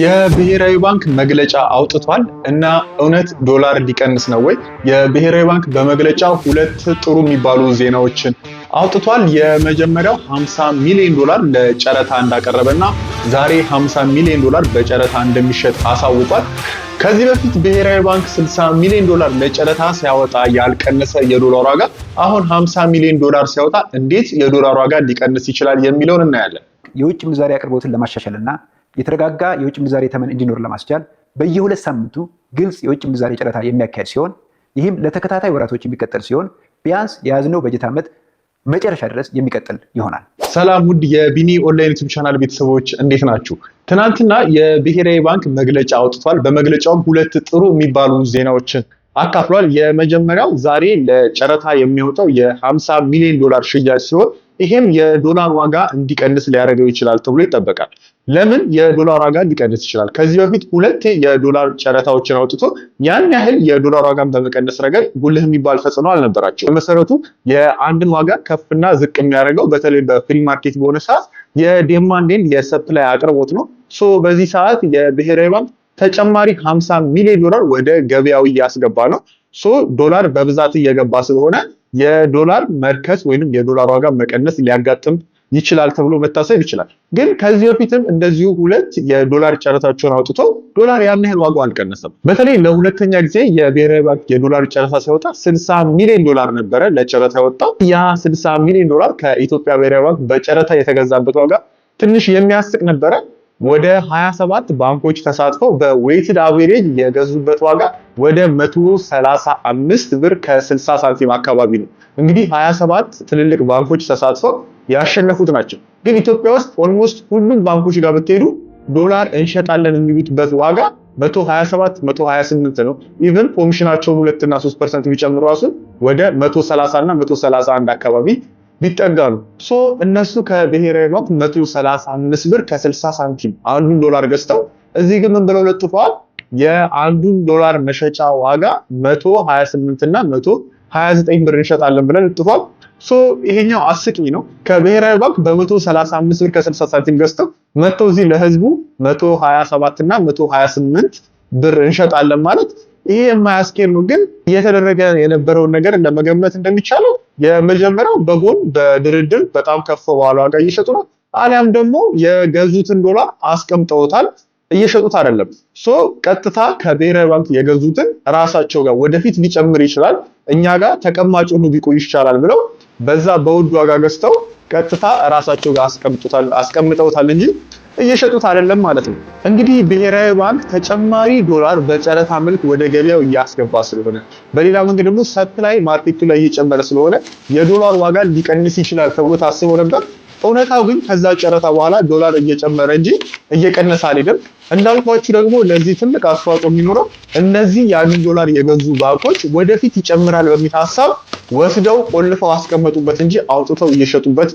የብሔራዊ ባንክ መግለጫ አውጥቷል እና እውነት ዶላር ሊቀንስ ነው ወይ? የብሔራዊ ባንክ በመግለጫው ሁለት ጥሩ የሚባሉ ዜናዎችን አውጥቷል። የመጀመሪያው 50 ሚሊዮን ዶላር ለጨረታ እንዳቀረበ እና ዛሬ 50 ሚሊዮን ዶላር በጨረታ እንደሚሸጥ አሳውቋል። ከዚህ በፊት ብሔራዊ ባንክ 60 ሚሊዮን ዶላር ለጨረታ ሲያወጣ ያልቀነሰ የዶላር ዋጋ አሁን 50 ሚሊዮን ዶላር ሲያወጣ እንዴት የዶላር ዋጋ ሊቀንስ ይችላል የሚለውን እናያለን። የውጭ ምንዛሪ አቅርቦትን ለማሻሻል እና የተረጋጋ የውጭ ምንዛሬ ተመን እንዲኖር ለማስቻል በየሁለት ሳምንቱ ግልጽ የውጭ ምንዛሬ ጨረታ የሚያካሄድ ሲሆን ይህም ለተከታታይ ወራቶች የሚቀጥል ሲሆን ቢያንስ የያዝነው በጀት ዓመት መጨረሻ ድረስ የሚቀጥል ይሆናል። ሰላም ውድ የቢኒ ኦንላይን ዩቱብ ቻናል ቤተሰቦች እንዴት ናችሁ? ትናንትና የብሔራዊ ባንክ መግለጫ አውጥቷል። በመግለጫውም ሁለት ጥሩ የሚባሉ ዜናዎችን አካፍሏል። የመጀመሪያው ዛሬ ለጨረታ የሚወጣው የ50 ሚሊዮን ዶላር ሽያጭ ሲሆን ይሄም የዶላር ዋጋ እንዲቀንስ ሊያደርገው ይችላል ተብሎ ይጠበቃል። ለምን የዶላር ዋጋ ሊቀንስ ይችላል? ከዚህ በፊት ሁለት የዶላር ጨረታዎችን አውጥቶ ያን ያህል የዶላር ዋጋን በመቀነስ ረገድ ጉልህ የሚባል ተጽዕኖ አልነበራቸው። በመሰረቱ የአንድን ዋጋ ከፍና ዝቅ የሚያደርገው በተለይ በፍሪ ማርኬት በሆነ ሰዓት የዴማንዴን የሰፕላይ አቅርቦት ነው። ሶ በዚህ ሰዓት የብሔራዊ ባንክ ተጨማሪ 50 ሚሊዮን ዶላር ወደ ገበያው እያስገባ ነው። ሶ ዶላር በብዛት እየገባ ስለሆነ የዶላር መርከስ ወይም የዶላር ዋጋ መቀነስ ሊያጋጥም ይችላል ተብሎ መታሰብ ይችላል። ግን ከዚህ በፊትም እንደዚሁ ሁለት የዶላር ጨረታቸውን አውጥቶ ዶላር ያን ያህል ዋጋው አልቀነሰም። በተለይ ለሁለተኛ ጊዜ የብሔራዊ ባንክ የዶላር ጨረታ ሲወጣ 60 ሚሊዮን ዶላር ነበረ ለጨረታ ያወጣው። ያ 60 ሚሊዮን ዶላር ከኢትዮጵያ ብሔራዊ ባንክ በጨረታ የተገዛበት ዋጋ ትንሽ የሚያስቅ ነበረ። ወደ 27 ባንኮች ተሳትፈው በዌይትድ አቬሬጅ የገዙበት ዋጋ ወደ 135 ብር ከ60 ሳንቲም አካባቢ ነው። እንግዲህ 27 ትልልቅ ባንኮች ተሳትፈው ያሸነፉት ናቸው። ግን ኢትዮጵያ ውስጥ ኦልሞስት ሁሉም ባንኮች ጋር ብትሄዱ ዶላር እንሸጣለን የሚሉትበት ዋጋ 127 128 ነው። ኢቨን ኮሚሽናቸውን 2 እና 3 ፐርሰንት ቢጨምሩ ራሱ ወደ 130 እና 131 አካባቢ ቢጠጋሉ። ሶ እነሱ ከብሔራዊ ባንክ 135 ብር ከ60 ሳንቲም አንዱን ዶላር ገዝተው እዚህ ግን ምን ብለው ለጥፈዋል? የአንዱን ዶላር መሸጫ ዋጋ 128 እና 129 ብር እንሸጣለን ብለን ጥፏል። ሶ ይሄኛው አስቂኝ ነው። ከብሔራዊ ባንክ በ135 ብር ከ60 ሳንቲም ገዝተው መጥተው እዚህ ለህዝቡ 127 እና 128 ብር እንሸጣለን ማለት ይሄ የማያስኬድ ነው። ግን እየተደረገ የነበረውን ነገር ለመገመት እንደሚቻለው የመጀመሪያው በጎን በድርድር በጣም ከፍ ባለ ዋጋ እየሸጡ ነው። አሊያም ደግሞ የገዙትን ዶላር አስቀምጠውታል። እየሸጡት አይደለም። ሶ ቀጥታ ከብሔራዊ ባንክ የገዙትን ራሳቸው ጋር ወደፊት ሊጨምር ይችላል፣ እኛ ጋር ተቀማጭ ሆኖ ቢቆይ ይቻላል ብለው በዛ በውድ ዋጋ ገዝተው ቀጥታ ራሳቸው ጋር አስቀምጠውታል እንጂ እየሸጡት አይደለም ማለት ነው። እንግዲህ ብሔራዊ ባንክ ተጨማሪ ዶላር በጨረታ መልክ ወደ ገበያው እያስገባ ስለሆነ፣ በሌላ መንገድ ደግሞ ሰፕላይ ማርኬቱ ላይ እየጨመረ ስለሆነ የዶላር ዋጋ ሊቀንስ ይችላል ተብሎ ታስቦ ነበር። እውነታው ግን ከዛ ጨረታ በኋላ ዶላር እየጨመረ እንጂ እየቀነሰ አልሄድም። እንዳልኳችሁ ደግሞ ለዚህ ትልቅ አስተዋጽኦ የሚኖረው እነዚህ የአንድ ዶላር የገዙ ባንኮች ወደፊት ይጨምራል በሚል ሀሳብ ወስደው ቆልፈው አስቀመጡበት እንጂ አውጥተው እየሸጡበት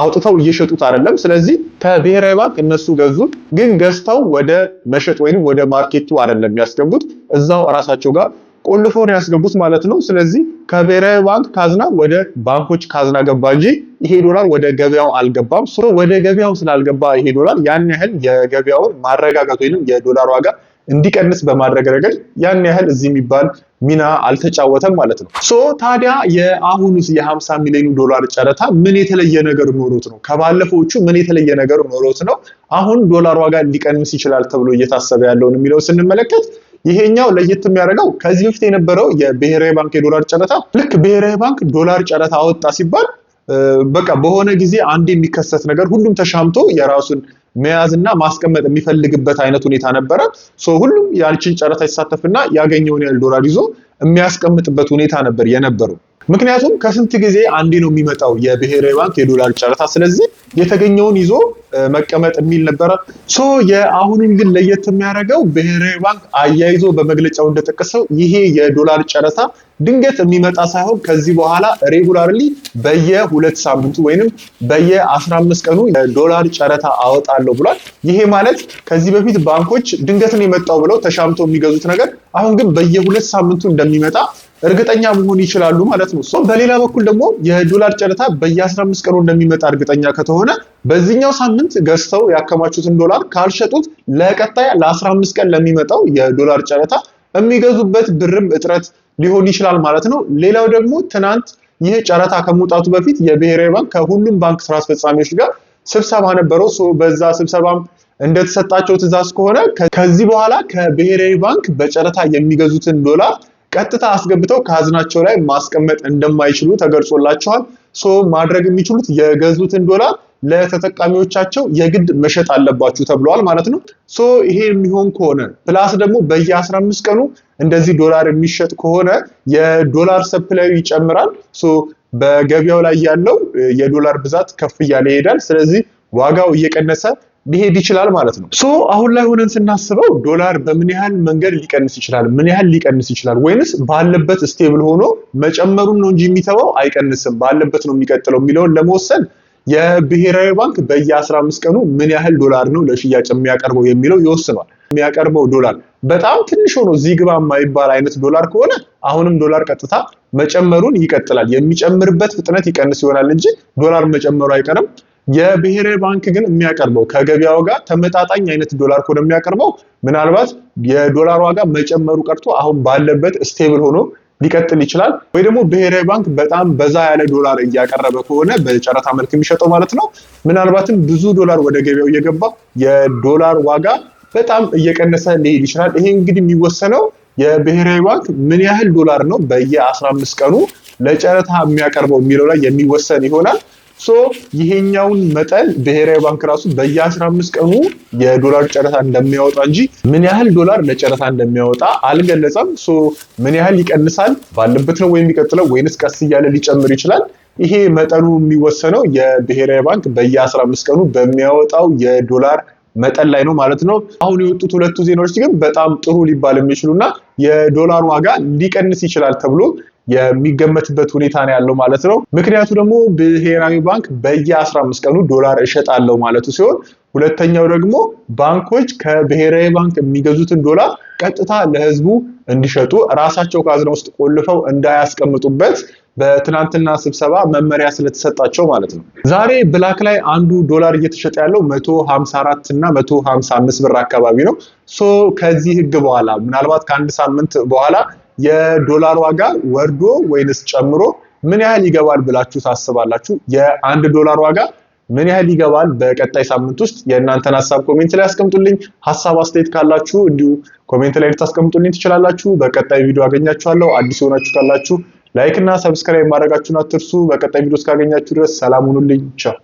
አውጥተው እየሸጡት አይደለም። ስለዚህ ከብሔራዊ ባንክ እነሱ ገዙ፣ ግን ገዝተው ወደ መሸጥ ወይም ወደ ማርኬቱ አይደለም የሚያስገቡት እዛው እራሳቸው ጋር ቆልፎን ያስገቡት ማለት ነው። ስለዚህ ከብሔራዊ ባንክ ካዝና ወደ ባንኮች ካዝና ገባ እንጂ ይሄ ዶላር ወደ ገበያው አልገባም። ሶ ወደ ገበያው ስላልገባ ይሄ ዶላር ያን ያህል የገበያውን ማረጋጋት ወይም የዶላር ዋጋ እንዲቀንስ በማድረግ ረገድ ያን ያህል እዚህ የሚባል ሚና አልተጫወተም ማለት ነው። ሶ ታዲያ የአሁኑ የ50 ሚሊዮን ዶላር ጨረታ ምን የተለየ ነገር ኖሮት ነው? ከባለፈዎቹ ምን የተለየ ነገር ኖሮት ነው አሁን ዶላር ዋጋ ሊቀንስ ይችላል ተብሎ እየታሰበ ያለውን የሚለው ስንመለከት ይሄኛው ለየት የሚያደርገው ከዚህ በፊት የነበረው የብሔራዊ ባንክ የዶላር ጨረታ ልክ ብሔራዊ ባንክ ዶላር ጨረታ አወጣ ሲባል በቃ በሆነ ጊዜ አንድ የሚከሰት ነገር ሁሉም ተሻምቶ የራሱን መያዝና ማስቀመጥ የሚፈልግበት አይነት ሁኔታ ነበረ። ሁሉም ያንቺን ጨረታ ይሳተፍና ያገኘውን ያህል ዶላር ይዞ የሚያስቀምጥበት ሁኔታ ነበር የነበረው። ምክንያቱም ከስንት ጊዜ አንዴ ነው የሚመጣው የብሔራዊ ባንክ የዶላር ጨረታ። ስለዚህ የተገኘውን ይዞ መቀመጥ የሚል ነበረ። ሶ የአሁኑን ግን ለየት የሚያደርገው ብሔራዊ ባንክ አያይዞ በመግለጫው እንደጠቀሰው ይሄ የዶላር ጨረታ ድንገት የሚመጣ ሳይሆን ከዚህ በኋላ ሬጉላርሊ በየሁለት ሳምንቱ ወይም በየ15 ቀኑ የዶላር ጨረታ አወጣለሁ ብሏል። ይሄ ማለት ከዚህ በፊት ባንኮች ድንገትን የመጣው ብለው ተሻምተው የሚገዙት ነገር አሁን ግን በየሁለት ሳምንቱ እንደሚመጣ እርግጠኛ መሆን ይችላሉ ማለት ነው። እሷም በሌላ በኩል ደግሞ የዶላር ጨረታ በየ15 ቀኑ እንደሚመጣ እርግጠኛ ከተሆነ በዚህኛው ሳምንት ገዝተው ያከማቹትን ዶላር ካልሸጡት ለቀጣይ ለ15 ቀን ለሚመጣው የዶላር ጨረታ የሚገዙበት ብርም እጥረት ሊሆን ይችላል ማለት ነው። ሌላው ደግሞ ትናንት ይህ ጨረታ ከመውጣቱ በፊት የብሔራዊ ባንክ ከሁሉም ባንክ ስራ አስፈጻሚዎች ጋር ስብሰባ ነበረው። በዛ ስብሰባም እንደተሰጣቸው ትዕዛዝ ከሆነ ከዚህ በኋላ ከብሔራዊ ባንክ በጨረታ የሚገዙትን ዶላር ቀጥታ አስገብተው ከሀዝናቸው ላይ ማስቀመጥ እንደማይችሉ ተገልጾላቸዋል። ሶ ማድረግ የሚችሉት የገዙትን ዶላር ለተጠቃሚዎቻቸው የግድ መሸጥ አለባችሁ ተብለዋል ማለት ነው። ሶ ይሄ የሚሆን ከሆነ ፕላስ ደግሞ በየ15 ቀኑ እንደዚህ ዶላር የሚሸጥ ከሆነ የዶላር ሰፕላዩ ይጨምራል። ሶ በገበያው ላይ ያለው የዶላር ብዛት ከፍ እያለ ይሄዳል። ስለዚህ ዋጋው እየቀነሰ ሊሄድ ይችላል ማለት ነው። ሶ አሁን ላይ ሆነን ስናስበው ዶላር በምን ያህል መንገድ ሊቀንስ ይችላል፣ ምን ያህል ሊቀንስ ይችላል፣ ወይንስ ባለበት ስቴብል ሆኖ መጨመሩን ነው እንጂ የሚተወው አይቀንስም፣ ባለበት ነው የሚቀጥለው የሚለውን ለመወሰን የብሔራዊ ባንክ በየ15 ቀኑ ምን ያህል ዶላር ነው ለሽያጭ የሚያቀርበው የሚለው ይወስኗል። የሚያቀርበው ዶላር በጣም ትንሽ ሆኖ እዚህ ግባ የማይባል አይነት ዶላር ከሆነ አሁንም ዶላር ቀጥታ መጨመሩን ይቀጥላል። የሚጨምርበት ፍጥነት ይቀንስ ይሆናል እንጂ ዶላር መጨመሩ አይቀርም። የብሔራዊ ባንክ ግን የሚያቀርበው ከገበያው ጋር ተመጣጣኝ አይነት ዶላር ከሆነ የሚያቀርበው ምናልባት የዶላር ዋጋ መጨመሩ ቀርቶ አሁን ባለበት ስቴብል ሆኖ ሊቀጥል ይችላል። ወይ ደግሞ ብሔራዊ ባንክ በጣም በዛ ያለ ዶላር እያቀረበ ከሆነ በጨረታ መልክ የሚሸጠው ማለት ነው፣ ምናልባትም ብዙ ዶላር ወደ ገበያው እየገባ የዶላር ዋጋ በጣም እየቀነሰ ሊሄድ ይችላል። ይሄ እንግዲህ የሚወሰነው የብሔራዊ ባንክ ምን ያህል ዶላር ነው በየ15 ቀኑ ለጨረታ የሚያቀርበው የሚለው ላይ የሚወሰን ይሆናል። ሶ ይሄኛውን መጠን ብሔራዊ ባንክ ራሱ በየ15 ቀኑ የዶላር ጨረታ እንደሚያወጣ እንጂ ምን ያህል ዶላር ለጨረታ እንደሚያወጣ አልገለጸም። ሶ ምን ያህል ይቀንሳል ባለበት ነው ወይም የሚቀጥለው ወይንስ ቀስ እያለ ሊጨምር ይችላል? ይሄ መጠኑ የሚወሰነው የብሔራዊ ባንክ በየ15 ቀኑ በሚያወጣው የዶላር መጠን ላይ ነው ማለት ነው። አሁን የወጡት ሁለቱ ዜናዎች ግን በጣም ጥሩ ሊባል የሚችሉ እና የዶላር ዋጋ ሊቀንስ ይችላል ተብሎ የሚገመትበት ሁኔታ ነው ያለው ማለት ነው። ምክንያቱ ደግሞ ብሔራዊ ባንክ በየ15 ቀኑ ዶላር እሸጣለሁ ማለቱ ሲሆን ሁለተኛው ደግሞ ባንኮች ከብሔራዊ ባንክ የሚገዙትን ዶላር ቀጥታ ለህዝቡ እንዲሸጡ ራሳቸው ካዝና ውስጥ ቆልፈው እንዳያስቀምጡበት በትናንትና ስብሰባ መመሪያ ስለተሰጣቸው ማለት ነው። ዛሬ ብላክ ላይ አንዱ ዶላር እየተሸጠ ያለው 154 እና 155 ብር አካባቢ ነው። ሶ ከዚህ ህግ በኋላ ምናልባት ከአንድ ሳምንት በኋላ የዶላር ዋጋ ወርዶ ወይንስ ጨምሮ ምን ያህል ይገባል ብላችሁ ታስባላችሁ? የአንድ ዶላር ዋጋ ምን ያህል ይገባል በቀጣይ ሳምንት ውስጥ? የእናንተን ሀሳብ ኮሜንት ላይ አስቀምጡልኝ። ሀሳብ አስተያየት ካላችሁ እንዲሁ ኮሜንት ላይ ልታስቀምጡልኝ ትችላላችሁ። በቀጣይ ቪዲዮ አገኛችኋለሁ። አዲስ የሆናችሁ ካላችሁ ላይክ እና ሰብስክራይብ ማድረጋችሁን አትርሱ። በቀጣይ ቪዲዮ እስካገኛችሁ ድረስ ሰላም ሁኑልኝ። ቻው